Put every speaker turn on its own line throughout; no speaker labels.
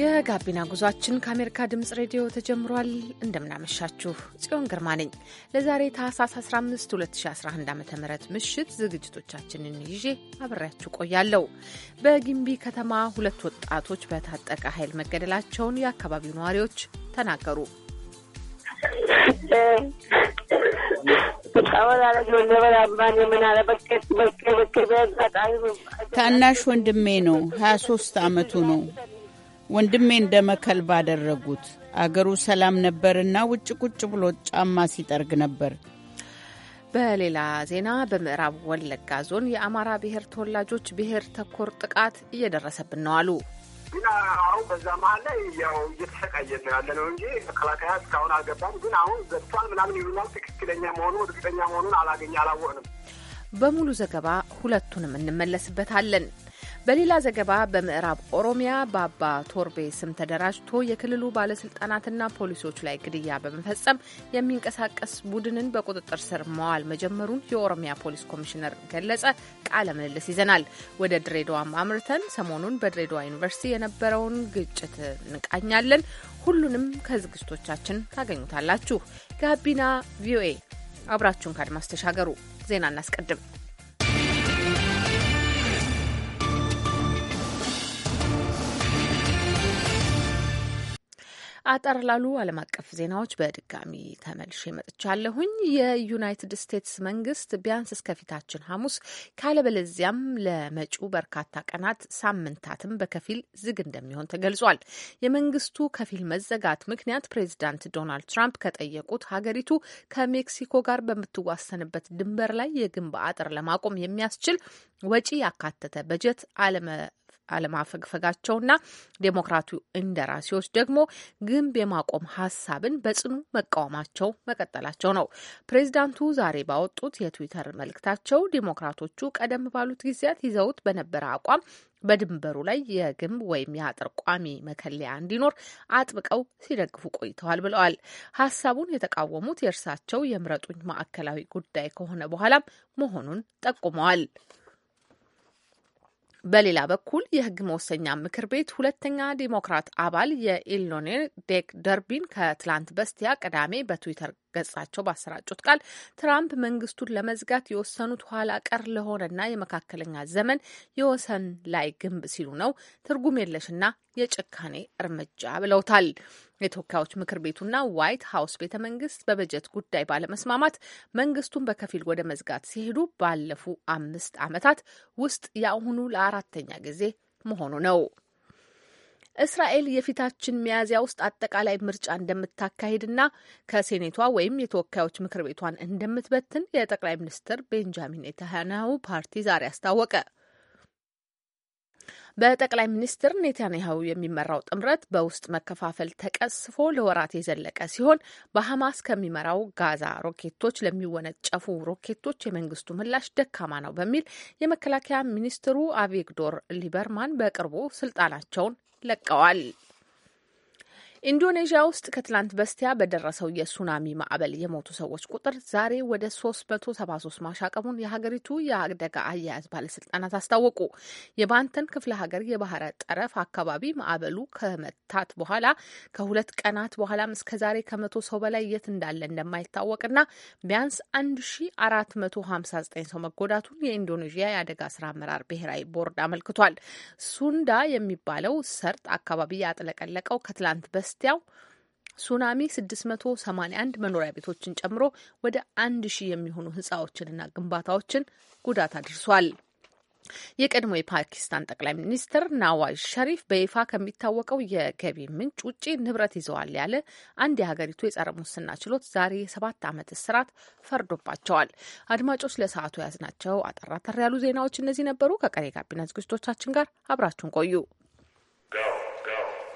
የጋቢና ጉዟችን ከአሜሪካ ድምጽ ሬዲዮ ተጀምሯል። እንደምናመሻችሁ ጽዮን ግርማ ነኝ። ለዛሬ ታህሳስ 15 2011 ዓ ም ምሽት ዝግጅቶቻችንን ይዤ አብሬያችሁ ቆያለሁ። በጊምቢ ከተማ ሁለት ወጣቶች በታጠቀ ኃይል መገደላቸውን የአካባቢው ነዋሪዎች ተናገሩ። ታናሽ ወንድሜ ነው። 23 ዓመቱ ነው። ወንድሜ እንደ መከል ባደረጉት። አገሩ ሰላም ነበርና ውጭ ቁጭ ብሎ ጫማ ሲጠርግ ነበር። በሌላ ዜና በምዕራብ ወለጋ ዞን የአማራ ብሔር ተወላጆች ብሔር ተኮር ጥቃት እየደረሰብን ነው አሉ።
ግን አሁን በዛ መሀል ላይ ያው እየተሰቃየን ነው ያለ ነው እንጂ መከላከያ እስካሁን አልገባም። ግን አሁን ዘግቷል ምናምን ይሉናል። ትክክለኛ መሆኑ እርግጠኛ መሆኑን አላገኝ አላወቅንም።
በሙሉ ዘገባ ሁለቱንም እንመለስበታለን። በሌላ ዘገባ በምዕራብ ኦሮሚያ በአባ ቶርቤ ስም ተደራጅቶ የክልሉ ባለስልጣናትና ፖሊሶች ላይ ግድያ በመፈጸም የሚንቀሳቀስ ቡድንን በቁጥጥር ስር መዋል መጀመሩን የኦሮሚያ ፖሊስ ኮሚሽነር ገለጸ። ቃለ ምልልስ ይዘናል። ወደ ድሬዳዋም አምርተን ሰሞኑን በድሬዳዋ ዩኒቨርሲቲ የነበረውን ግጭት እንቃኛለን። ሁሉንም ከዝግጅቶቻችን ታገኙታላችሁ። ጋቢና ቪኦኤ አብራችሁን ከአድማስ ተሻገሩ። ዜና እናስቀድም። አጠር ላሉ ዓለም አቀፍ ዜናዎች በድጋሚ ተመልሼ መጥቻለሁኝ። የዩናይትድ ስቴትስ መንግስት ቢያንስ እስከፊታችን ሐሙስ ካለበለዚያም ለመጪው በርካታ ቀናት ሳምንታትም በከፊል ዝግ እንደሚሆን ተገልጿል። የመንግስቱ ከፊል መዘጋት ምክንያት ፕሬዚዳንት ዶናልድ ትራምፕ ከጠየቁት ሀገሪቱ ከሜክሲኮ ጋር በምትዋሰንበት ድንበር ላይ የግንብ አጥር ለማቆም የሚያስችል ወጪ ያካተተ በጀት አለመ አለማፈግፈጋቸውና ዴሞክራቱ እንደራሴዎች ደግሞ ግንብ የማቆም ሀሳብን በጽኑ መቃወማቸው መቀጠላቸው ነው። ፕሬዚዳንቱ ዛሬ ባወጡት የትዊተር መልእክታቸው ዴሞክራቶቹ ቀደም ባሉት ጊዜያት ይዘውት በነበረ አቋም በድንበሩ ላይ የግንብ ወይም የአጥር ቋሚ መከለያ እንዲኖር አጥብቀው ሲደግፉ ቆይተዋል ብለዋል። ሀሳቡን የተቃወሙት የእርሳቸው የምረጡኝ ማዕከላዊ ጉዳይ ከሆነ በኋላም መሆኑን ጠቁመዋል። በሌላ በኩል የህግ መወሰኛ ምክር ቤት ሁለተኛ ዲሞክራት አባል የኢሊኖይ ዴክ ደርቢን ከትላንት በስቲያ ቅዳሜ በትዊተር ገጻቸው ባሰራጩት ቃል ትራምፕ መንግስቱን ለመዝጋት የወሰኑት ኋላ ቀር ለሆነና የመካከለኛ ዘመን የወሰን ላይ ግንብ ሲሉ ነው ትርጉም የለሽና የጭካኔ እርምጃ ብለውታል። የተወካዮች ምክር ቤቱና ዋይት ሀውስ ቤተ መንግስት በበጀት ጉዳይ ባለመስማማት መንግስቱን በከፊል ወደ መዝጋት ሲሄዱ ባለፉ አምስት ዓመታት ውስጥ የአሁኑ ለአራተኛ ጊዜ መሆኑ ነው። እስራኤል የፊታችን ሚያዝያ ውስጥ አጠቃላይ ምርጫ እንደምታካሂድና ከሴኔቷ ወይም የተወካዮች ምክር ቤቷን እንደምትበትን የጠቅላይ ሚኒስትር ቤንጃሚን ኔታንያሁ ፓርቲ ዛሬ አስታወቀ። በጠቅላይ ሚኒስትር ኔታንያሁ የሚመራው ጥምረት በውስጥ መከፋፈል ተቀስፎ ለወራት የዘለቀ ሲሆን በሐማስ ከሚመራው ጋዛ ሮኬቶች ለሚወነጨፉ ሮኬቶች የመንግስቱ ምላሽ ደካማ ነው በሚል የመከላከያ ሚኒስትሩ አቬግዶር ሊበርማን በቅርቡ ስልጣናቸውን ለቀዋል። ኢንዶኔዥያ ውስጥ ከትላንት በስቲያ በደረሰው የሱናሚ ማዕበል የሞቱ ሰዎች ቁጥር ዛሬ ወደ 373 ማሻቀቡን የሀገሪቱ የአደጋ አያያዝ ባለስልጣናት አስታወቁ። የባንተን ክፍለ ሀገር የባህረ ጠረፍ አካባቢ ማዕበሉ ከመታት በኋላ ከሁለት ቀናት በኋላም እስከ ዛሬ ከመቶ ሰው በላይ የት እንዳለ እንደማይታወቅና ቢያንስ 1459 ሰው መጎዳቱን የኢንዶኔዥያ የአደጋ ስራ አመራር ብሔራዊ ቦርድ አመልክቷል። ሱንዳ የሚባለው ሰርጥ አካባቢ ያጥለቀለቀው ከትላንት በስ በስቲያው ሱናሚ 681 መኖሪያ ቤቶችን ጨምሮ ወደ 1000 ሺህ የሚሆኑ ህንፃዎችንና ግንባታዎችን ጉዳት አድርሷል። የቀድሞ የፓኪስታን ጠቅላይ ሚኒስትር ናዋዝ ሸሪፍ በይፋ ከሚታወቀው የገቢ ምንጭ ውጪ ንብረት ይዘዋል ያለ አንድ የሀገሪቱ የጸረ ሙስና ችሎት ዛሬ የሰባት ዓመት እስራት ፈርዶባቸዋል። አድማጮች ለሰዓቱ ያዝናቸው አጠራጠር ያሉ ዜናዎች እነዚህ ነበሩ። ከቀሪ ጋቢና ዝግጅቶቻችን ጋር አብራችሁን ቆዩ።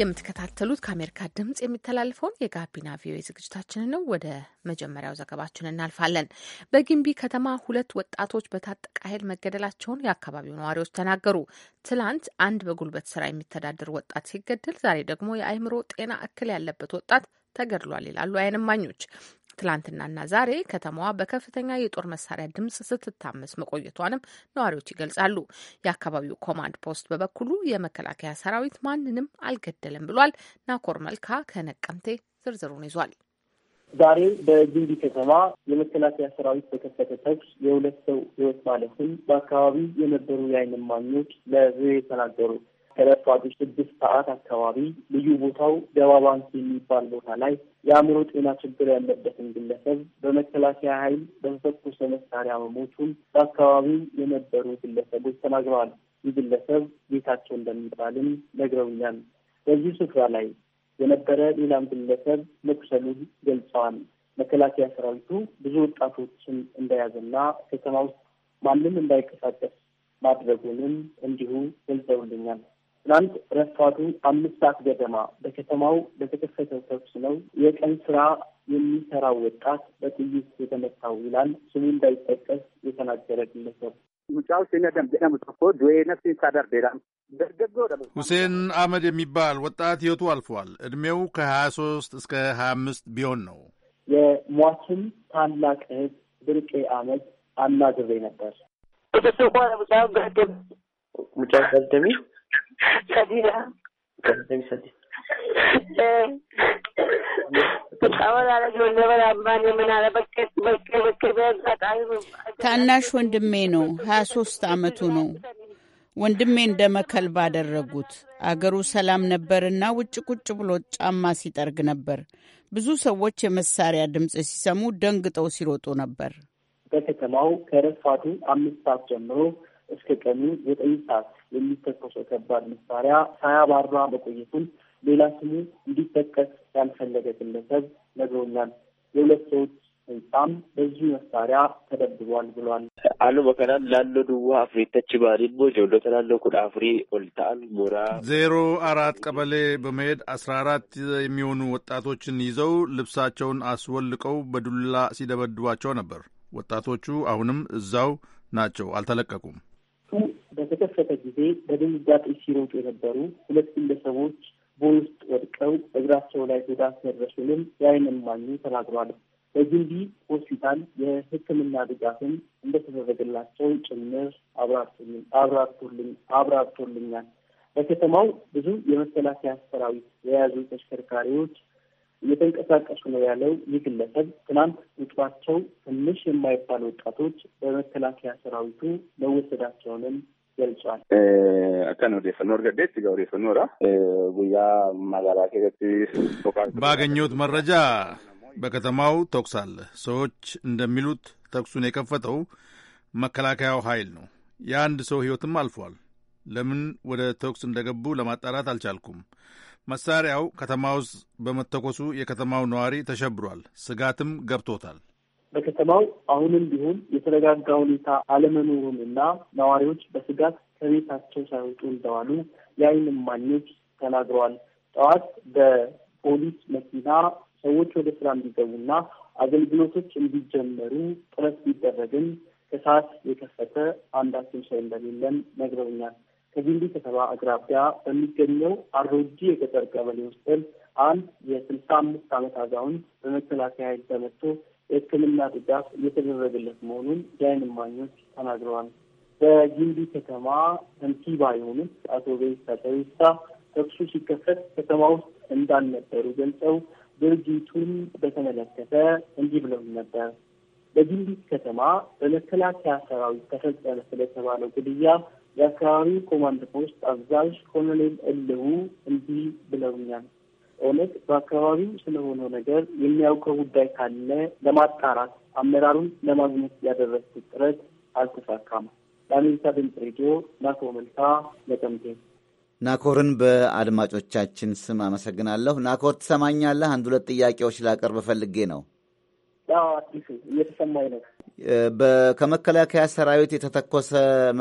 የምትከታተሉት ከአሜሪካ ድምጽ የሚተላለፈውን የጋቢና ቪኦኤ ዝግጅታችንን ነው። ወደ መጀመሪያው ዘገባችን እናልፋለን። በጊምቢ ከተማ ሁለት ወጣቶች በታጠቀ ኃይል መገደላቸውን የአካባቢው ነዋሪዎች ተናገሩ። ትላንት አንድ በጉልበት ስራ የሚተዳደር ወጣት ሲገደል፣ ዛሬ ደግሞ የአእምሮ ጤና እክል ያለበት ወጣት ተገድሏል ይላሉ አይንማኞች። ትላንትናና ዛሬ ከተማዋ በከፍተኛ የጦር መሳሪያ ድምጽ ስትታመስ መቆየቷንም ነዋሪዎች ይገልጻሉ። የአካባቢው ኮማንድ ፖስት በበኩሉ የመከላከያ ሰራዊት ማንንም አልገደለም ብሏል። ናኮር መልካ ከነቀምቴ ዝርዝሩን ይዟል።
ዛሬ በጊምቢ ከተማ የመከላከያ ሰራዊት በከፈተ ተኩስ የሁለት ሰው ህይወት ማለፍን በአካባቢው የነበሩ የዓይን እማኞች ለቪኦኤ ተናገሩ። ከረፋዱ ስድስት ሰዓት አካባቢ ልዩ ቦታው ደባ ባንክ የሚባል ቦታ ላይ የአእምሮ ጤና ችግር ያለበትን ግለሰብ በመከላከያ ኃይል በተተኮሰ መሳሪያ መሞቱን በአካባቢው የነበሩ ግለሰቦች ተናግረዋል። ይህ ግለሰብ ቤታቸው እንደሚባልም ነግረውኛል። በዚህ ስፍራ ላይ የነበረ ሌላም ግለሰብ መቁሰሉን ገልጸዋል። መከላከያ ሰራዊቱ ብዙ ወጣቶችን እንደያዘና ከተማ ውስጥ ማንም እንዳይንቀሳቀስ ማድረጉንም እንዲሁ ገልጸውልኛል። ትናንት ረፋቱ አምስት ሰዓት ገደማ በከተማው በተከፈተው ተኩስ ነው የቀን ስራ የሚሰራው ወጣት በጥይት የተመታው ይላል ስሙ እንዳይጠቀስ የተናገረ ግለሰብ።
ሁሴን አህመድ የሚባል ወጣት ህይወቱ አልፏል። ዕድሜው ከሀያ ሶስት እስከ ሀያ አምስት ቢሆን ነው።
የሟችን ታላቅ እህት ብርቄ አመድ አናግሬ ነበር።
ታናሽ ወንድሜ ነው። ሀያ ሶስት አመቱ ነው። ወንድሜ እንደ መከል ባደረጉት። አገሩ ሰላም ነበርና ውጭ ቁጭ ብሎ ጫማ ሲጠርግ ነበር። ብዙ ሰዎች የመሳሪያ ድምፅ ሲሰሙ ደንግጠው ሲሮጡ ነበር።
በከተማው ከረፋቱ አምስት ሰዓት ጀምሮ እስከ ቀኑ ዘጠኝ ሰዓት የሚተኮሰው ከባድ መሳሪያ ሳያባራ መቆየቱን ሌላ ስሙ እንዲጠቀስ ያልፈለገ ግለሰብ ነግሮኛል። የሁለት ሰዎች ህንጻም በዚሁ መሳሪያ ተደብቧል ብሏል። አሉ ከናን ላሎ ድዋ አፍሪ ተች ባሪቦ ጆሎተ ላሎ ኩድ አፍሪ ኦልታን ሞራ
ዜሮ አራት ቀበሌ በመሄድ አስራ አራት የሚሆኑ ወጣቶችን ይዘው ልብሳቸውን አስወልቀው በዱላ ሲደበድቧቸው ነበር። ወጣቶቹ አሁንም እዛው ናቸው፣ አልተለቀቁም።
በተከፈተ ጊዜ በድንጋጤ ሲሮጡ የነበሩ ሁለት ግለሰቦች በውስጥ ወድቀው እግራቸው ላይ ጉዳት መድረሱንም የዓይን እማኙ ተናግሯል። በጊምቢ ሆስፒታል የሕክምና ድጋፍም እንደተደረገላቸው ጭምር አብራርቶልኛል። በከተማው ብዙ የመከላከያ ሰራዊት የያዙ ተሽከርካሪዎች እየተንቀሳቀሱ ነው ያለው ይህ ግለሰብ ትናንት ቁጥራቸው ትንሽ የማይባል ወጣቶች በመከላከያ ሰራዊቱ መወሰዳቸውንም ገልጿል።
ባገኘሁት መረጃ በከተማው ተኩስ አለ። ሰዎች እንደሚሉት ተኩሱን የከፈተው መከላከያው ኃይል ነው። የአንድ ሰው ሕይወትም አልፏል። ለምን ወደ ተኩስ እንደገቡ ለማጣራት አልቻልኩም። መሳሪያው ከተማ ውስጥ በመተኮሱ የከተማው ነዋሪ ተሸብሯል፣ ስጋትም ገብቶታል።
በከተማው አሁንም ቢሆን የተረጋጋ ሁኔታ አለመኖሩን እና ነዋሪዎች በስጋት ከቤታቸው ሳይወጡ እንደዋሉ የዓይን እማኞች ተናግረዋል። ጠዋት በፖሊስ መኪና ሰዎች ወደ ስራ እንዲገቡና አገልግሎቶች እንዲጀመሩ ጥረት ቢደረግም ከሰዓት የከፈተ አንዳችም ሰው እንደሌለን ነግረውኛል። ከጊምቢ ከተማ አቅራቢያ በሚገኘው አሮጂ የገጠር ቀበሌ ውስጥ አንድ የስልሳ አምስት ዓመት አዛውንት በመከላከያ ተመቶ የህክምና ድጋፍ እየተደረገለት መሆኑን የዓይን እማኞች ተናግረዋል። በጊምቢ ከተማ ከንቲባ የሆኑት አቶ ቤሳ ጨቤሳ ተኩሱ ሲከፈት ከተማ ውስጥ እንዳልነበሩ ገልጸው ድርጊቱን በተመለከተ እንዲህ ብለው ነበር። በጊምቢ ከተማ በመከላከያ ሰራዊት ተፈጸመ ስለተባለው ግድያ የአካባቢው ኮማንድ ፖስት አዛዥ ኮሎኔል እልሁ እንዲህ ብለውኛል። ኦነግ በአካባቢው ስለሆነው ነገር የሚያውቀው ጉዳይ ካለ ለማጣራት አመራሩን ለማግኘት ያደረግኩት ጥረት አልተሳካም። ለአሜሪካ ድምፅ ሬዲዮ ናኮር መልካ ነቀምቴ።
ናኮርን በአድማጮቻችን ስም አመሰግናለሁ። ናኮር ትሰማኛለህ? አንድ ሁለት ጥያቄዎች ላቀርብ ፈልጌ ነው።
አዲሱ እየተሰማኝ ነው።
ከመከላከያ ሰራዊት የተተኮሰ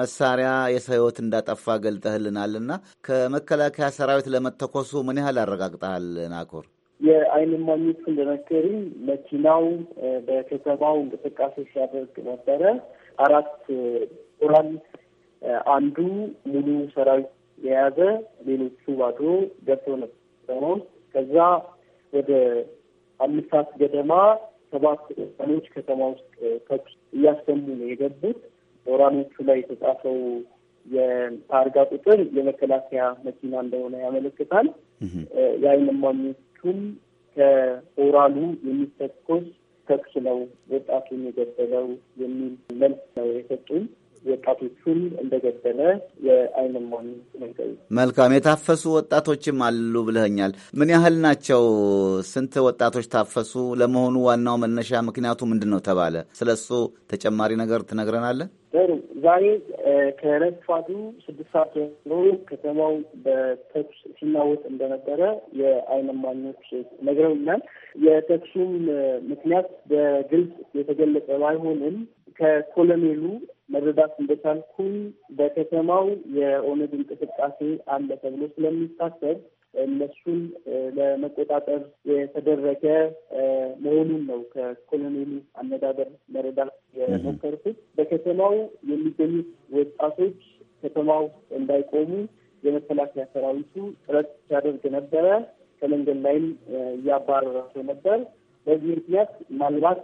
መሳሪያ የሰው እንዳጠፋ ገልጠህልናል እና ከመከላከያ ሰራዊት ለመተኮሱ ምን ያህል አረጋግጠሃል ናኮር?
የአይን እማኞች እንደነገሩኝ መኪናው በከተማው እንቅስቃሴ ሲያደርግ ነበረ። አራት ቁራን አንዱ ሙሉ ሰራዊት የያዘ ሌሎቹ ባዶ ገብቶ ነበር። ከዛ ወደ አምስት ሰዓት ገደማ ሰባት ኦራሎች ከተማ ውስጥ ተኩስ እያሰሙ ነው የገቡት። ኦራኖቹ ላይ የተጻፈው የታርጋ ቁጥር የመከላከያ መኪና እንደሆነ ያመለክታል። የዓይን እማኞቹም ከኦራሉ የሚተኮስ ተኩስ ነው ወጣቱን የገደለው የሚል መልስ ነው የሰጡኝ። ወጣቶቹን እንደገደለ የአይን እማኝ
መልካም የታፈሱ ወጣቶችም አሉ ብለኛል ምን ያህል ናቸው? ስንት ወጣቶች ታፈሱ? ለመሆኑ ዋናው መነሻ ምክንያቱ ምንድን ነው ተባለ? ስለ እሱ ተጨማሪ ነገር ትነግረናለህ?
ጥሩ። ዛሬ ከረፋዱ ስድስት ሰዓት ጀምሮ ከተማው በተኩስ ሲናወጥ እንደነበረ የአይን እማኞች ነግረውኛል። የተኩሱም ምክንያት በግልጽ የተገለጸ ባይሆንም ከኮሎኔሉ መረዳት እንደቻልኩኝ በከተማው የኦነግ እንቅስቃሴ አለ ተብሎ ስለሚታሰብ እነሱን ለመቆጣጠር የተደረገ መሆኑን ነው ከኮሎኔሉ አነጋገር መረዳት የሞከርኩት። በከተማው የሚገኙት ወጣቶች ከተማው እንዳይቆሙ የመከላከያ ሰራዊቱ ጥረት ሲያደርግ ነበረ። ከመንገድ ላይም እያባረራቸው ነበር። በዚህ ምክንያት ምናልባት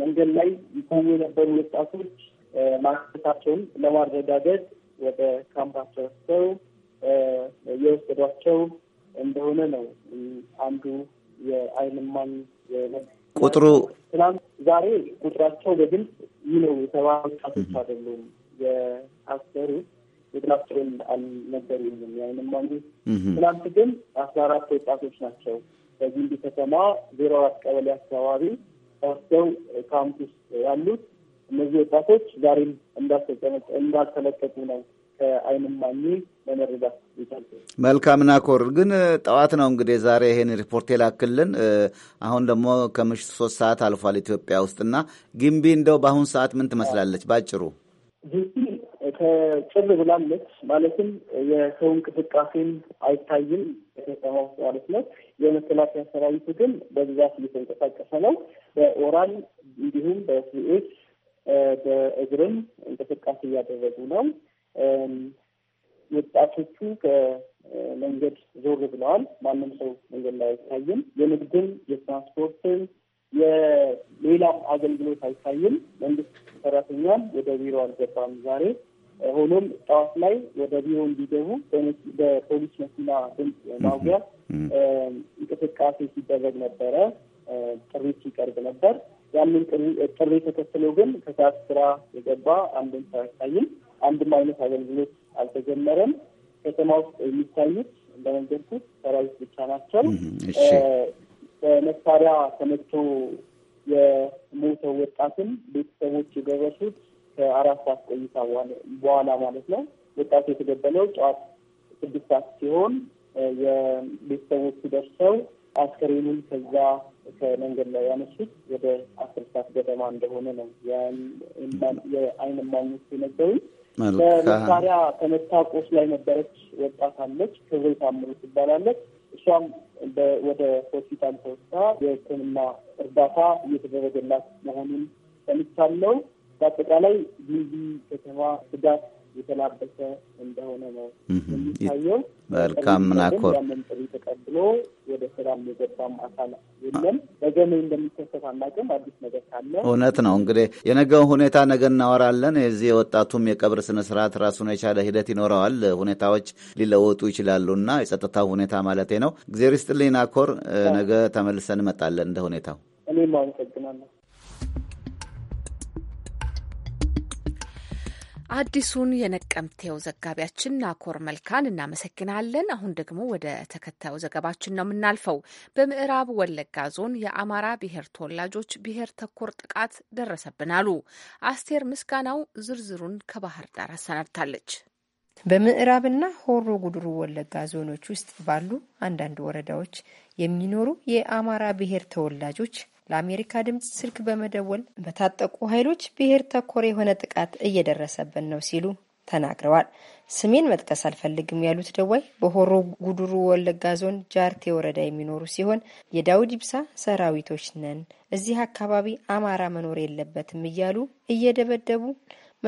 መንገድ ላይ ይቆሙ የነበሩ ወጣቶች ማንነታቸውን ለማረጋገጥ ወደ ካምፓቸው ሰው የወሰዷቸው እንደሆነ ነው። አንዱ የአይንማኝ ቁጥሩ ትናንት ዛሬ ቁጥራቸው በግልጽ ይህ ነው የተባሉ ወጣቶች አይደሉም የታሰሩት ቁጥራቸውን አልነገሩኝም የአይንማኝ። ትናንት ግን አስራ አራት ወጣቶች ናቸው በጊምቢ ከተማ ዜሮ አራት ቀበሌ አካባቢ ተወስደው ካምፕ ውስጥ ያሉት እነዚህ ወጣቶች ዛሬም እንዳልተለቀቁ ነው ከአይንም ለመረዳት ይቻላል።
መልካም ናኮር ግን ጠዋት ነው እንግዲህ ዛሬ ይህን ሪፖርት የላክልን። አሁን ደግሞ ከምሽቱ ሶስት ሰዓት አልፏል ኢትዮጵያ ውስጥ እና ግንቢ እንደው በአሁን ሰዓት ምን ትመስላለች ባጭሩ?
ከጭር ብላለች። ማለትም የሰው እንቅስቃሴም አይታይም ከተማ ውስጥ ማለት ነው። የመከላከያ ሰራዊቱ ግን በብዛት እየተንቀሳቀሰ ነው በኦራል እንዲሁም በስኤች በእግርም እንቅስቃሴ እያደረጉ ነው። ወጣቶቹ ከመንገድ ዞር ብለዋል። ማንም ሰው መንገድ ላይ አይታይም። የንግድም፣ የትራንስፖርትም የሌላም አገልግሎት አይታይም። መንግስት ሰራተኛም ወደ ቢሮ አልገባም ዛሬ። ሆኖም ጠዋት ላይ ወደ ቢሮ እንዲገቡ በፖሊስ መኪና ድምፅ ማጉያ እንቅስቃሴ ሲደረግ ነበረ፣ ጥሪ ሲቀርብ ነበር። ያንን ጥሪ ተከትሎ ግን ከሰዓት ስራ የገባ አንድም ሰው አይታይም። አንድም አይነት አገልግሎት አልተጀመረም። ከተማ ውስጥ የሚታዩት እንደነገርኩት ሰራዊት ብቻ ናቸው። በመሳሪያ ተመቶ የሞተው ወጣትን ቤተሰቦች የደረሱት ከአራት ሰዓት ቆይታ በኋላ ማለት ነው። ወጣቱ የተገደለው ጠዋት ስድስት ሰዓት ሲሆን የቤተሰቦቹ ደርሰው አስከሬኑን ከዛ ከመንገድ ላይ ያነሱት ወደ አስር ሰዓት ገደማ እንደሆነ ነው የአይን እማኞች የነበሩ።
በመሳሪያ
ከመታቆስ ላይ ነበረች ወጣት አለች፣ ክብር ታምሩ ትባላለች። እሷም ወደ ሆስፒታል ተወስዳ የሕክምና እርዳታ እየተደረገላት መሆኑን ሰምቻለሁ። በአጠቃላይ ጊዜ ከተማ ስጋት የተላበሰ እንደሆነ ነው
የሚታየው። መልካም ምናኮር
ጥሪ ተቀብሎ ወደ ስራ የገባም አካል የለም። ነገ ምን እንደሚከሰት አናውቅም። አዲስ ነገር ካለ እውነት
ነው። እንግዲህ የነገው ሁኔታ ነገ እናወራለን። የዚህ የወጣቱም የቀብር ስነስርዓት ራሱን የቻለ ሂደት ይኖረዋል። ሁኔታዎች ሊለወጡ ይችላሉ እና የጸጥታ ሁኔታ ማለቴ ነው። እግዜር ይስጥልኝ ናኮር፣ ነገ ተመልሰን እንመጣለን እንደ ሁኔታው።
እኔም አመሰግናለሁ።
አዲሱን የነቀምቴው ዘጋቢያችን ናኮር መልካን እናመሰግናለን። አሁን ደግሞ ወደ ተከታዩ ዘገባችን ነው የምናልፈው። በምዕራብ ወለጋ ዞን የአማራ ብሔር ተወላጆች ብሔር ተኮር ጥቃት ደረሰብን አሉ። አስቴር ምስጋናው ዝርዝሩን ከባህር ዳር አሰናድታለች።
በምዕራብና ሆሮ ጉድሩ ወለጋ ዞኖች ውስጥ ባሉ አንዳንድ ወረዳዎች የሚኖሩ የአማራ ብሔር ተወላጆች ለአሜሪካ ድምፅ ስልክ በመደወል በታጠቁ ኃይሎች ብሔር ተኮር የሆነ ጥቃት እየደረሰብን ነው ሲሉ ተናግረዋል። ስሜን መጥቀስ አልፈልግም ያሉት ደዋይ በሆሮ ጉድሩ ወለጋ ዞን ጃርቴ ወረዳ የሚኖሩ ሲሆን የዳውድ ኢብሳ ሰራዊቶች ነን፣ እዚህ አካባቢ አማራ መኖር የለበትም እያሉ እየደበደቡ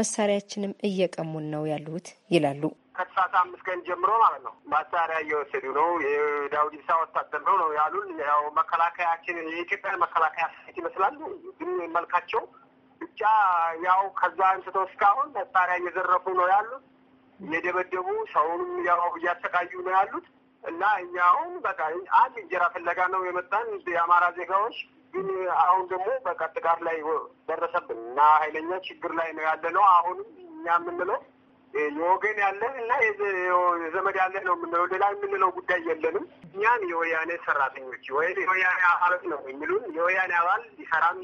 መሳሪያችንም እየቀሙን ነው ያሉት ይላሉ።
ከተሳት አምስት ቀን ጀምሮ ማለት ነው መሳሪያ እየወሰዱ ነው። የዳውድ ኢብሳ ወታደር ነው ነው ያሉን። ያው መከላከያችንን የኢትዮጵያን መከላከያ ስት ይመስላል ግን መልካቸው ብቻ ያው ከዛ አንስቶ እስካሁን መሳሪያ እየዘረፉ ነው ያሉት። እየደበደቡ ሰውንም ያው እያሰቃዩ ነው ያሉት እና እኛ አሁን በቃ አንድ እንጀራ ፍለጋ ነው የመጣን የአማራ ዜጋዎች ግን አሁን ደግሞ በቃ ጥቃት ላይ ደረሰብን እና ኃይለኛ ችግር ላይ ነው ያለ ነው። አሁንም እኛ የምንለው የወገን ያለ እና የዘመድ ያለ ነው የምንለው። ሌላ የምንለው ጉዳይ የለንም። እኛም የወያኔ ሰራተኞች ወይ የወያኔ አባላት ነው የሚሉን። የወያኔ አባል ሊሰራም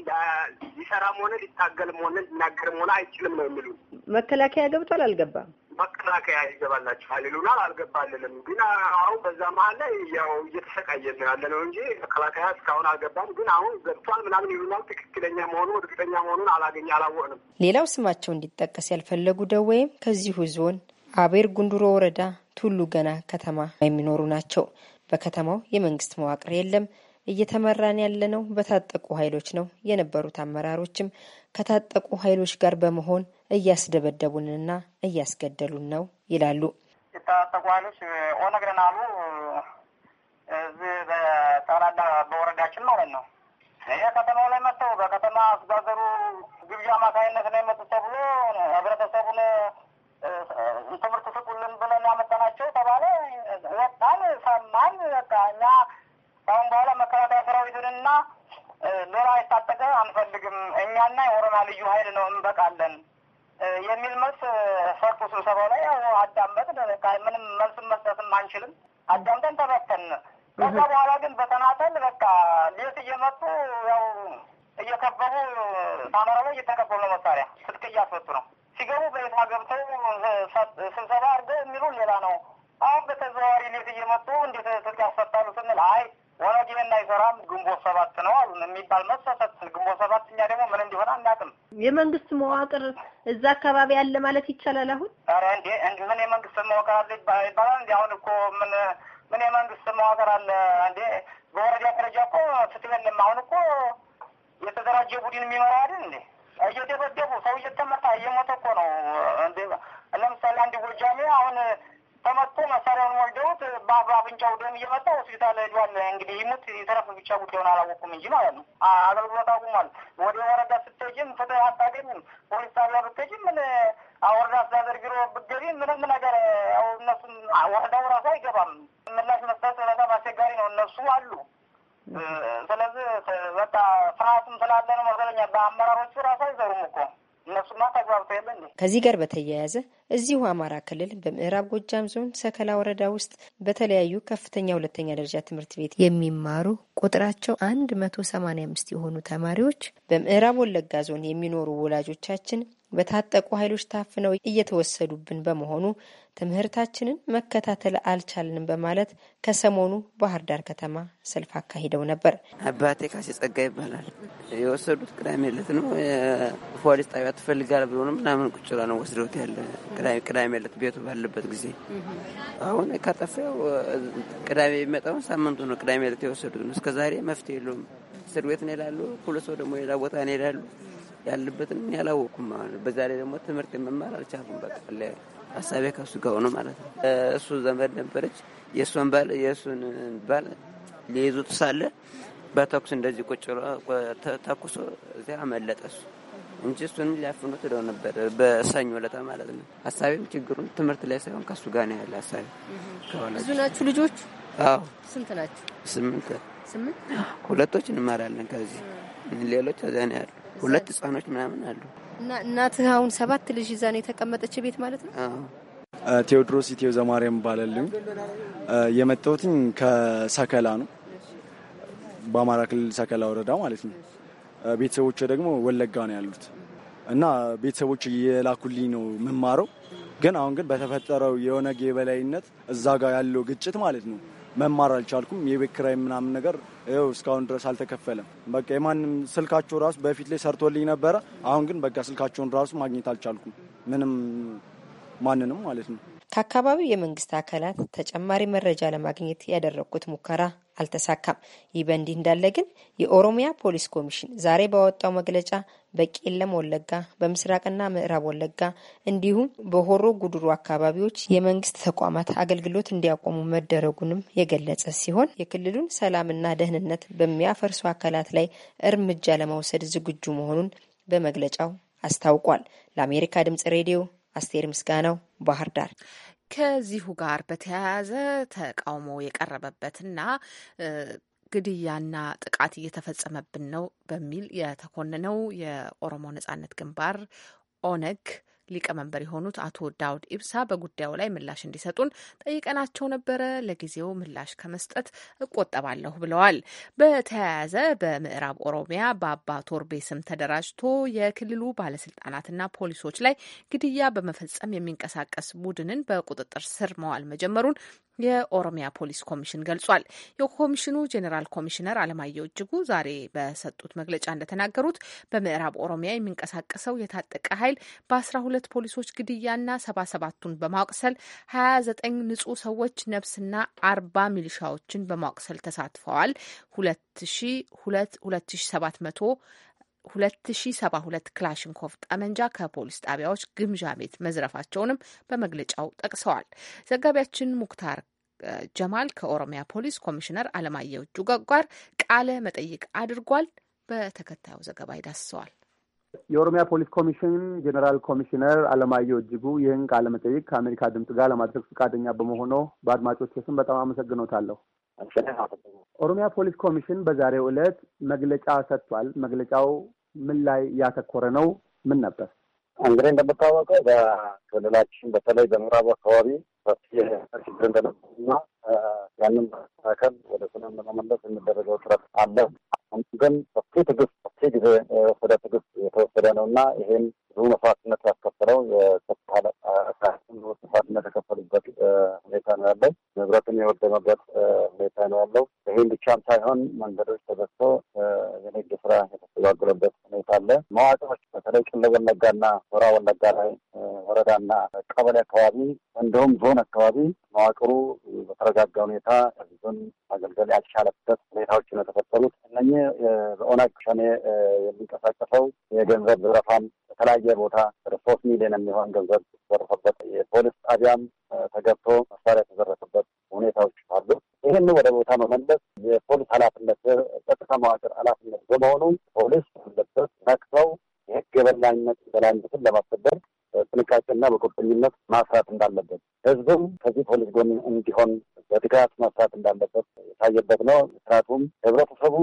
ሊሰራም ሆነ ሊታገልም ሆነ ሊናገርም ሆነ አይችልም ነው የሚሉን።
መከላከያ ገብቷል አልገባም
መከላከያ ይገባላችሁ ይሉናል። አልገባልንም ግን አሁን በዛ መሀል ላይ ያው እየተሰቃየን ያለ ነው እንጂ መከላከያ እስካሁን አልገባም። ግን አሁን ገብቷል ምናምን ይሉናል። ትክክለኛ መሆኑ እርግጠኛ መሆኑን አላገኝ አላወቅንም።
ሌላው ስማቸው እንዲጠቀስ ያልፈለጉ ደወይም ከዚሁ ዞን አቤር ጉንዱሮ ወረዳ ቱሉ ገና ከተማ የሚኖሩ ናቸው። በከተማው የመንግስት መዋቅር የለም። እየተመራን ያለነው በታጠቁ ኃይሎች ነው። የነበሩት አመራሮችም ከታጠቁ ኃይሎች ጋር በመሆን እያስደበደቡንና እያስገደሉን ነው ይላሉ። የታጠቁ ኃይሎች
ኦነግን አሉ። እዚህ በጠቅላላ በወረዳችን ማለት ነው። ይሄ ከተማ ላይ መጥተው በከተማ አስተዳደሩ ግብዣ አማካኝነት ነው የመጡት ተብሎ ህብረተሰቡን ትምህርት ስጡልን ብለን ያመጣናቸው ተባለ። ወጣን፣ ሰማን። በቃ እኛ ከአሁን በኋላ መከላከያ ሰራዊትንና ሌላ የታጠቀ አንፈልግም፣ እኛና የኦሮማ ልዩ ኃይል ነው እንበቃለን የሚል መልስ ሰጡ። ስብሰባው ላይ ያው አዳምጠን ምንም መልስ መስጠትም አንችልም፣ አዳምጠን ተበተን። ከዛ በኋላ ግን በተናጠል በቃ ሌት እየመጡ ያው እየከበቡ ሳመራ ላይ እየተከበቡ ነው፣ መሳሪያ ስልክ እያስወጡ ነው። ሲገቡ በይፋ ገብተው ስብሰባ አድርገው የሚሉ ሌላ ነው። አሁን በተዘዋዋሪ ሌት እየመጡ እንዴት ስልክ ያስፈታሉ ስንል አይ እና ይሰራም ግንቦት ሰባት ነው አሉ የሚባል መሰሰት ግንቦት ሰባት እኛ ደግሞ ምን እንዲሆን አናውቅም።
የመንግስት መዋቅር እዛ አካባቢ አለ ማለት ይቻላል። አሁን
ኧረ እንዴ ምን የመንግስት መዋቅር አለ ይባላል እንዲ አሁን እኮ ምን ምን የመንግስት መዋቅር አለ እንዴ? በወረዳ ደረጃ እኮ ስትበልም አሁን እኮ የተደራጀ ቡድን የሚመራ አይደል እንዴ? እየደበደቡ ሰው እየተመታ እየሞተ እኮ ነው። ለምሳሌ አንድ ጎጃሜ አሁን ተመቶ መሳሪያውን ወልደውት በአፍንጫው ደም እየመጣ ሆስፒታል ሄዷል። እንግዲህ ይሙት የተረፈ ብቻ ጉዳዩን አላወቁም እንጂ ማለት ነው። አገልግሎት አቁሟል። ወደ ወረዳ ስትሄጂም ፍትህ አታገኝም። ፖሊስ ጣቢያ ብትሄጂ ምን ወረዳ አስተዳደር ቢሮ ብትገቢ ምንም ነገር ያው እነሱም ወረዳው ራሱ አይገባም። ምላሽ መስጠት በጣም አስቸጋሪ ነው። እነሱ አሉ። ስለዚህ በቃ ፍርሃቱም ስላለ ነው መሰለኛ
በአመራሮቹ ራሱ ከዚህ ጋር በተያያዘ እዚሁ አማራ ክልል በምዕራብ ጎጃም ዞን ሰከላ ወረዳ ውስጥ በተለያዩ ከፍተኛ ሁለተኛ ደረጃ ትምህርት ቤት የሚማሩ ቁጥራቸው አንድ መቶ ሰማኒያ አምስት የሆኑ ተማሪዎች በምዕራብ ወለጋ ዞን የሚኖሩ ወላጆቻችን በታጠቁ ኃይሎች ታፍነው እየተወሰዱብን በመሆኑ ትምህርታችንን መከታተል አልቻልንም በማለት ከሰሞኑ ባህር ዳር ከተማ ሰልፍ አካሂደው ነበር።
አባቴ ካሴ ጸጋ ይባላል። የወሰዱት ቅዳሜ ዕለት ነው። ፖሊስ ጣቢያ ትፈልጋል ብሎ ምናምን ቁጭ ብላ ነው ወስደውት ያለ ቅዳሜ ዕለት ቤቱ ባለበት ጊዜ። አሁን ካጠፋው ቅዳሜ የሚመጣውን ሳምንቱ ነው። ቅዳሜ ዕለት የወሰዱት ነው። እስከዛሬ መፍትሄ የለውም። እስር ቤት ነው ይላሉ። ሰው ደግሞ ሌላ ቦታ ነው ይላሉ። ያለበትን ምን ያላወቁም ማለት በዛ ላይ ደግሞ ትምህርት የመማር አልቻሉም። በቃ ሀሳቤ ከሱ ጋር ሆኖ ማለት ነው። እሱ ዘመድ ነበረች የእሱን ባል የእሱን ባል ሊይዙት ሳለ በተኩስ እንደዚህ ቁጭ ብሎ ተኩሶ እዚያ አመለጠ እሱ እንጂ እሱን ሊያፍኑት ሄደው ነበር። በሰኞ ለታ ማለት ነው። ሀሳቤም ችግሩን ትምህርት ላይ ሳይሆን ከሱ ጋር ነው ያለ ሀሳቤ። ብዙ ናችሁ ልጆች? አዎ። ስንት ናችሁ? ስምንት። ስምንት ሁለቶች እንማራለን ከዚህ ሌሎች እዚያ ነው ያሉ ሁለት ህጻኖች ምናምን አሉ።
እናትህ አሁን ሰባት ልጅ ይዛ ነው የተቀመጠች ቤት
ማለት ነው? ቴዎድሮስ ኢትዮ ዘማርያም ባለልኝ የመጣሁትኝ
ከሰከላ ነው፣ በአማራ ክልል ሰከላ ወረዳ ማለት ነው። ቤተሰቦች ደግሞ ወለጋ ነው ያሉት እና ቤተሰቦች እየላኩልኝ ነው የምማረው። ግን አሁን ግን በተፈጠረው የኦነግ የበላይነት እዛ ጋር ያለው ግጭት ማለት ነው መማር አልቻልኩም። የቤት ኪራይ ምናምን ነገር ይኸው እስካሁን ድረስ አልተከፈለም። በቃ የማንም ስልካቸው ራሱ በፊት ላይ ሰርቶልኝ ነበረ። አሁን ግን በቃ ስልካቸውን ራሱ ማግኘት አልቻልኩም። ምንም ማንንም ማለት ነው።
ከአካባቢው የመንግስት አካላት ተጨማሪ መረጃ ለማግኘት ያደረግኩት ሙከራ አልተሳካም። ይህ በእንዲህ እንዳለ ግን የኦሮሚያ ፖሊስ ኮሚሽን ዛሬ ባወጣው መግለጫ በቄለም ወለጋ፣ በምስራቅና ምዕራብ ወለጋ እንዲሁም በሆሮ ጉድሩ አካባቢዎች የመንግስት ተቋማት አገልግሎት እንዲያቆሙ መደረጉንም የገለጸ ሲሆን የክልሉን ሰላምና ደህንነት በሚያፈርሱ አካላት ላይ እርምጃ ለመውሰድ ዝግጁ መሆኑን በመግለጫው አስታውቋል። ለአሜሪካ ድምጽ ሬዲዮ አስቴር ምስጋናው ባህር ዳር
ከዚሁ ጋር በተያያዘ ተቃውሞ የቀረበበትና ግድያና ጥቃት እየተፈጸመብን ነው በሚል የተኮነነው የኦሮሞ ነጻነት ግንባር ኦነግ ሊቀመንበር የሆኑት አቶ ዳውድ ኢብሳ በጉዳዩ ላይ ምላሽ እንዲሰጡን ጠይቀናቸው ነበረ። ለጊዜው ምላሽ ከመስጠት እቆጠባለሁ ብለዋል። በተያያዘ በምዕራብ ኦሮሚያ በአባ ቶርቤ ስም ተደራጅቶ የክልሉ ባለስልጣናትና ፖሊሶች ላይ ግድያ በመፈጸም የሚንቀሳቀስ ቡድንን በቁጥጥር ስር መዋል መጀመሩን የኦሮሚያ ፖሊስ ኮሚሽን ገልጿል። የኮሚሽኑ ጄኔራል ኮሚሽነር አለማየሁ እጅጉ ዛሬ በሰጡት መግለጫ እንደተናገሩት በምዕራብ ኦሮሚያ የሚንቀሳቀሰው የታጠቀ ኃይል በአስራ ሁለት ፖሊሶች ግድያና ሰባ ሰባቱን በማቁሰል ሀያ ዘጠኝ ንጹህ ሰዎች ነፍስና አርባ ሚሊሻዎችን በማቁሰል ተሳትፈዋል ሁለት ሺ ሁለት ሁለት ሺ ሰባት መቶ 2072 ክላሽንኮቭ ጠመንጃ ከፖሊስ ጣቢያዎች ግምዣ ቤት መዝረፋቸውንም በመግለጫው ጠቅሰዋል። ዘጋቢያችን ሙክታር ጀማል ከኦሮሚያ ፖሊስ ኮሚሽነር አለማየሁ እጅጉ ጋር ቃለ መጠይቅ አድርጓል። በተከታዩ ዘገባ ይዳስሰዋል።
የኦሮሚያ ፖሊስ ኮሚሽን ጀኔራል ኮሚሽነር አለማየሁ እጅጉ ይህን ቃለ መጠይቅ ከአሜሪካ ድምፅ ጋር ለማድረግ ፈቃደኛ በመሆኑ በአድማጮች ስም በጣም አመሰግኖታለሁ። ኦሮሚያ ፖሊስ ኮሚሽን በዛሬው ዕለት መግለጫ ሰጥቷል። መግለጫው ምን ላይ ያተኮረ ነው? ምን ነበር? እንግዲህ እንደምታወቀው በክልላችን በተለይ በምዕራቡ አካባቢ ሰፊ ችግር እንደነበርና ያንን መካከል ወደ ሰላም ለመመለስ የሚደረገው ጥረት አለ። ግን ሰፊ ትግስት፣ ሰፊ ጊዜ ወደ ትግስት የተወሰደ ነው እና ይሄን ብዙ መስዋዕትነት ያስከፍለው የሰጥ መስዋዕትነት የከፈሉበት ሁኔታ ነው ያለው። ንብረትን የወደመበት ሁኔታ ነው ያለው። ይህን ብቻም ሳይሆን መንገዶች ተዘግቶ የንግድ ስራ የተስተጓጎለበት ሁኔታ አለ። መዋቅሮች በተለይ ቄለም ወለጋና ሆራ ወለጋ ላይ ወረዳና ቀበሌ አካባቢ እንዲሁም ዞን አካባቢ መዋቅሩ በተረጋጋ ሁኔታ ዞን ማገልገል ያልቻለበት ሁኔታዎች ነው የተፈጠሩት። እነኚህ በኦነግ ሸኔ የሚንቀሳቀሰው የገንዘብ ዝረፋም በተለያየ ቦታ ወደ ሶስት ሚሊዮን የሚሆን ገንዘብ የተዘረፈበት የፖሊስ ጣቢያም ተገብቶ መሳሪያ የተዘረፈበት ሁኔታዎች አሉ። ይህን ወደ ቦታ መመለስ የፖሊስ ኃላፊነት ጸጥታ መዋቅር ኃላፊነት በመሆኑ ፖሊስ አለበት ነቅተው የህግ የበላይነት የበላይነትን ለማስከበር ጥንቃቄና በቁርጠኝነት ማስራት እንዳለበት ህዝቡም ከዚህ ፖሊስ ጎን እንዲሆን በትጋት መስራት እንዳለበት የታየበት ነው። ስርዓቱም ህብረተሰቡ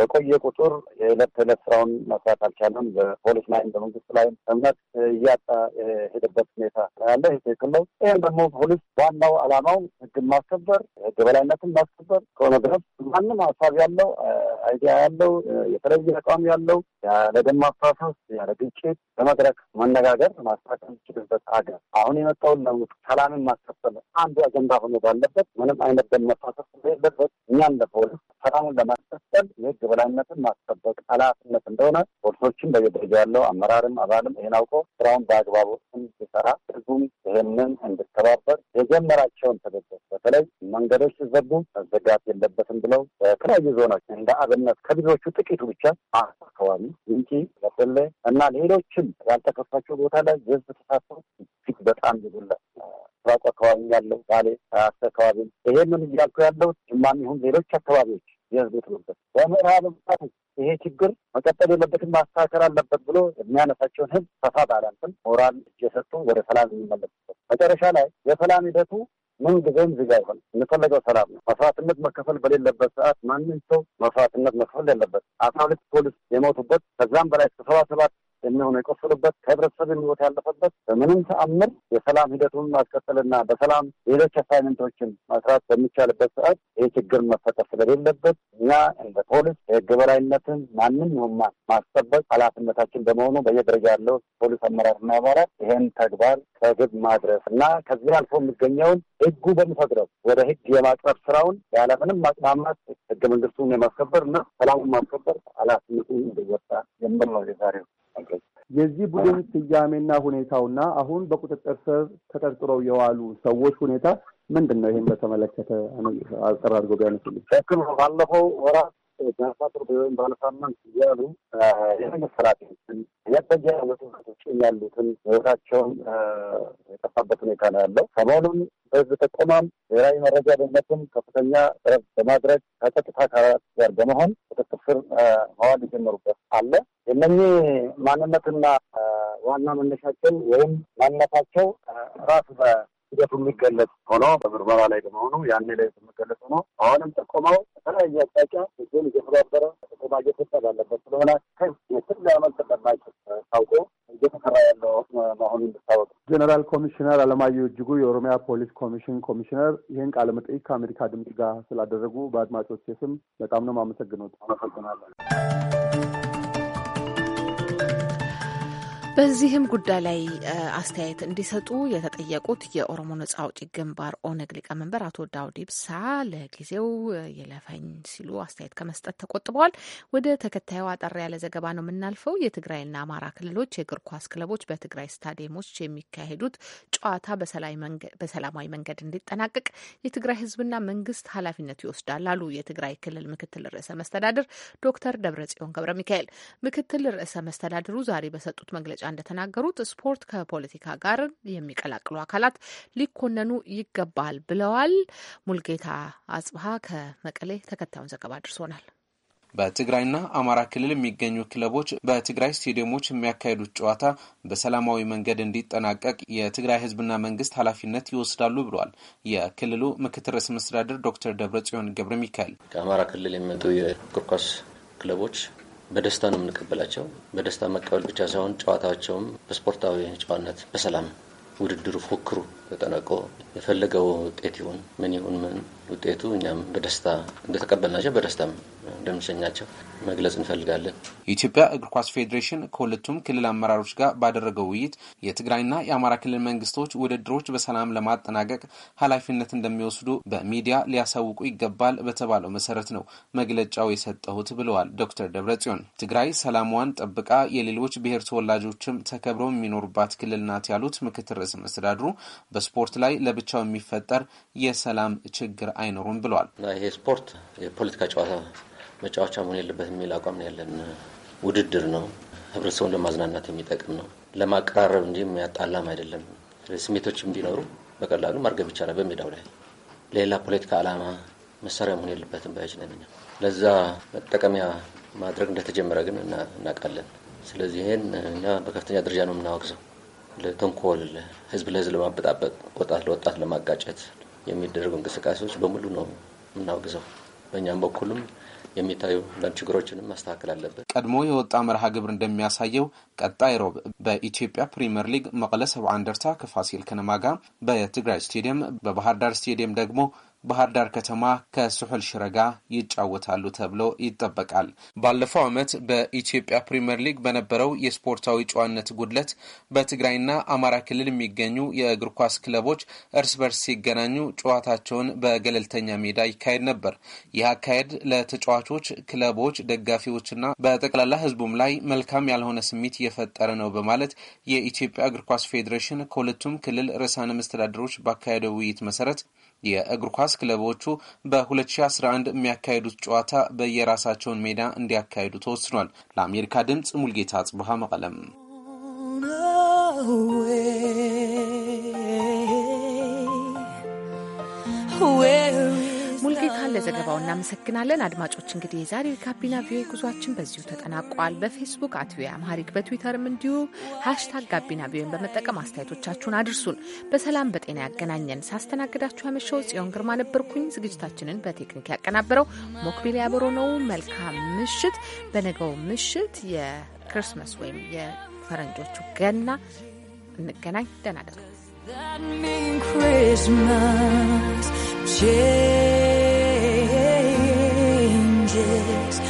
በቆየ ቁጥር የዕለት ተዕለት ስራውን መስራት አልቻለም። በፖሊስ ላይም በመንግስት ላይም እምነት እያጣ የሄደበት ሁኔታ ያለ ትክክል ነው። ይህም ደግሞ ፖሊስ ዋናው አላማው ህግን ማስከበር፣ ህግ በላይነትን ማስከበር ከሆነ ድረስ ማንም ሀሳብ ያለው አይዲያ ያለው የተለየ ተቃዋሚ ያለው ያለ ደም ማፋሰስ ያለ ግጭት በመድረክ መነጋገር ማስታቀም የሚችልበት አገር አሁን የመጣውን ለውጥ ሰላምን ማስከበር አንዱ አጀንዳ ሆኖ ባለበት ምንም አይነት ደም መፋሰስ የለበት። እኛም ለፖሊስ ሰላሙን ለማስቀጠል የህግ በላይነትን ማስጠበቅ ኃላፊነት እንደሆነ ፖሊሶችም በየደረጃ ያለው አመራርም አባልም ይሄን አውቆ ስራውን በአግባቡ እንድሰራ ህዝቡም ይህንን እንድተባበር የጀመራቸውን ትብብር በተለይ መንገዶች ሲዘጉ መዘጋት የለበትም ብለው በተለያዩ ዞኖች እንደ አብነት ከብዙዎቹ ጥቂቱ ብቻ አካባቢ ምንጭ፣ ለበለ እና ሌሎችም ያልተከፋቸው ቦታ ላይ የህዝብ ተሳትፎ እጅግ በጣም ይጉላል። ምስራቁ አካባቢ ያለው ባሌ አካባቢ ይሄንን እያልኩ ያለው ጅማም ይሁን ሌሎች አካባቢዎች የህዝብ ነበር። በምዕራብ ምጣቱ ይሄ ችግር መቀጠል የለበትም ማስተካከል አለበት ብሎ የሚያነሳቸውን ህዝብ ሰፋ ባላንስም ሞራል እየሰጡ ወደ ሰላም የሚመለሱበት መጨረሻ ላይ የሰላም ሂደቱ ምን ጊዜም ዝግ አይሆንም። የሚፈለገው ሰላም ነው። መስዋዕትነት መከፈል በሌለበት ሰዓት ማንም ሰው መስዋዕትነት መክፈል የለበት። አስራ ሁለት ፖሊስ የሞቱበት ከዛም በላይ ከሰባ ሰባት የሚሆነ የቆሰሉበት ከህብረተሰብ ህይወት ያለፈበት በምንም ተአምር የሰላም ሂደቱን ማስቀጠልና በሰላም ሌሎች አሳይመንቶችን ማስራት በሚቻልበት ሰዓት ይህ ችግር መፈጠር ስለሌለበት እኛ እንደ ፖሊስ የህግ በላይነትን ማንም ይሁማ ማስጠበቅ ኃላፊነታችን በመሆኑ በየደረጃ ያለው ፖሊስ አመራርና አባላት ይህን ተግባር ከግብ ማድረስ እና ከዚህ አልፎ የሚገኘውን ህጉ በሚፈቅደው ወደ ህግ የማቅረብ ስራውን ያለምንም ማቅማማት ህገ መንግስቱን የማስከበር እና ሰላሙን ማስከበር ኃላፊነቱን እንደወጣ የምል የዛሬው መግለጽ የዚህ ቡድን ስያሜና ሁኔታውና አሁን በቁጥጥር ስር ተጠርጥረው የዋሉ ሰዎች ሁኔታ ምንድን ነው? ይህን በተመለከተ አጠር አድርጎ ቢያነሱልኝ። ባለፈው ወራት የጋፋ ወይም ባለሳምንት እያሉ የመንግስት ሰራተኞችን የበያ ውጭ ያሉትን ህይወታቸውን የጠፋበት ሁኔታ ነው ያለው። ሰሞኑን በህዝብ ተቆማም ብሔራዊ መረጃ ደህንነትም ከፍተኛ ጥረት በማድረግ ከጸጥታ አካላት ጋር በመሆን ቁጥጥር ስር ማዋል የጀመሩበት አለ። የእነኚህ ማንነትና ዋና መነሻቸው ወይም ማንነታቸው ራሱ በሂደቱ የሚገለጽ ሆኖ በምርመራ ላይ በመሆኑ ያኔ ላይ የሚገለጽ ሆኖ አሁንም ጥቆማው ከተለያየ አቅጣጫ ህዝብን እየተባበረ ጥቅማ እየፈጠር ያለበት ስለሆነ የትም ለመል ተጠባቂ ታውቆ እየተሰራ ያለው መሆኑ እንድታወቅ። ጀኔራል ኮሚሽነር አለማየሁ እጅጉ የኦሮሚያ ፖሊስ ኮሚሽን ኮሚሽነር ይህን ቃለ መጠይቅ ከአሜሪካ ድምጽ ጋር ስላደረጉ በአድማጮች ስም በጣም ነው የማመሰግነው። አመሰግናለን።
በዚህም ጉዳይ ላይ አስተያየት እንዲሰጡ የተጠየቁት የኦሮሞ ነጻ አውጪ ግንባር ኦነግ ሊቀመንበር አቶ ዳውድ ኢብሳ ለጊዜው ይለፈኝ ሲሉ አስተያየት ከመስጠት ተቆጥበዋል። ወደ ተከታዩ አጠር ያለ ዘገባ ነው የምናልፈው። የትግራይና አማራ ክልሎች የእግር ኳስ ክለቦች በትግራይ ስታዲየሞች የሚካሄዱት ጨዋታ በሰላማዊ መንገድ እንዲጠናቀቅ የትግራይ ሕዝብና መንግስት ኃላፊነት ይወስዳል አሉ የትግራይ ክልል ምክትል ርዕሰ መስተዳድር ዶክተር ደብረጽዮን ገብረ ሚካኤል። ምክትል ርዕሰ መስተዳድሩ ዛሬ በሰጡት መግለጫ እንደተናገሩት ስፖርት ከፖለቲካ ጋር የሚቀላቅሉ አካላት ሊኮነኑ ይገባል ብለዋል። ሙልጌታ አጽብሃ ከመቀሌ ተከታዩን ዘገባ አድርሶናል።
በትግራይና አማራ ክልል የሚገኙ ክለቦች በትግራይ ስቴዲየሞች የሚያካሄዱት ጨዋታ በሰላማዊ መንገድ እንዲጠናቀቅ የትግራይ ሕዝብና መንግስት ኃላፊነት ይወስዳሉ ብሏል የክልሉ ምክትል ርዕሰ መስተዳድር ዶክተር ደብረጽዮን ገብረ ሚካኤል። ከአማራ ክልል የሚመጡ የእግር ኳስ ክለቦች በደስታ ነው የምንቀበላቸው። በደስታ መቀበል ብቻ ሳይሆን ጨዋታቸውም በስፖርታዊ ጨዋነት በሰላም ውድድሩ ፉክክሩ ተጠናቆ የፈለገው ውጤት ይሁን ምን ይሁን ምን ውጤቱ እኛም በደስታ እንደተቀበልናቸው በደስታም እንደምንሸኛቸው መግለጽ እንፈልጋለን። የኢትዮጵያ እግር ኳስ ፌዴሬሽን ከሁለቱም ክልል አመራሮች ጋር ባደረገው ውይይት የትግራይና የአማራ ክልል መንግስቶች ውድድሮች በሰላም ለማጠናቀቅ ኃላፊነት እንደሚወስዱ በሚዲያ ሊያሳውቁ ይገባል በተባለው መሰረት ነው መግለጫው የሰጠሁት ብለዋል ዶክተር ደብረጽዮን። ትግራይ ሰላሟን ጠብቃ የሌሎች ብሔር ተወላጆችም ተከብረው የሚኖሩባት ክልል ናት ያሉት ምክትል ርዕሰ መስተዳድሩ በስፖርት ላይ ለብቻው የሚፈጠር የሰላም ችግር አይኖሩም ብለዋል። ይሄ ስፖርት የፖለቲካ ጨዋታ መጫወቻ መሆን የለበት የሚል አቋም ነው ያለን። ውድድር ነው፣ ህብረተሰቡን ለማዝናናት የሚጠቅም ነው፣ ለማቀራረብ እንጂ የሚያጣላም አይደለም። ስሜቶች ቢኖሩ በቀላሉ ማርገብ ይቻላል በሜዳው ላይ። ሌላ ፖለቲካ ዓላማ መሳሪያ መሆን የለበትም ባያጅ ነን። ለዛ መጠቀሚያ ማድረግ እንደተጀመረ ግን እናውቃለን። ስለዚህ ይህን እኛ በከፍተኛ ደረጃ ነው የምናወግዘው። ለተንኮል ህዝብ ለህዝብ ለማበጣበጥ፣ ወጣት ለወጣት ለማጋጨት የሚደረጉ እንቅስቃሴዎች በሙሉ ነው የምናወግዘው። በእኛም በኩልም የሚታዩ አንዳንድ ችግሮችንም ማስተካከል አለበት። ቀድሞ የወጣ መርሃ ግብር እንደሚያሳየው ቀጣይ ሮብ በኢትዮጵያ ፕሪምየር ሊግ መቀለ ሰብ አንደርታ ከፋሲል ከነማ ጋር፣ በትግራይ ስቴዲየም፣ በባህር ዳር ስቴዲየም ደግሞ ባህር ዳር ከተማ ከስሑል ሽረ ጋር ይጫወታሉ ተብሎ ይጠበቃል። ባለፈው ዓመት በኢትዮጵያ ፕሪምየር ሊግ በነበረው የስፖርታዊ ጨዋነት ጉድለት በትግራይና አማራ ክልል የሚገኙ የእግር ኳስ ክለቦች እርስ በርስ ሲገናኙ ጨዋታቸውን በገለልተኛ ሜዳ ይካሄድ ነበር። ይህ አካሄድ ለተጫዋቾች፣ ክለቦች፣ ደጋፊዎችና በጠቅላላ ሕዝቡም ላይ መልካም ያልሆነ ስሜት እየፈጠረ ነው በማለት የኢትዮጵያ እግር ኳስ ፌዴሬሽን ከሁለቱም ክልል ርዕሳነ መስተዳድሮች ባካሄደው ውይይት መሰረት የእግር ኳስ ክለቦቹ በ2011 የሚያካሄዱት ጨዋታ በየራሳቸውን ሜዳ እንዲያካሄዱ ተወስኗል። ለአሜሪካ ድምፅ ሙልጌታ ጽቡሃ መቀለም።
Where ሙልጌታን ለዘገባው እናመሰግናለን። አድማጮች እንግዲህ የዛሬው የጋቢና ቪዮ ጉዟችን በዚሁ ተጠናቋል። በፌስቡክ አት ቪኦኤ አማሪክ በትዊተርም እንዲሁ ሀሽታግ ጋቢና ቪዮን በመጠቀም አስተያየቶቻችሁን አድርሱን። በሰላም በጤና ያገናኘን። ሳስተናግዳችሁ ያመሸው ጽዮን ግርማ ነበርኩኝ። ዝግጅታችንን በቴክኒክ ያቀናበረው ሞክቢል ያበሮ ነው። መልካም ምሽት። በነገው ምሽት የክርስመስ ወይም የፈረንጆቹ ገና እንገናኝ። ደናደሩ That
mean Christmas. changes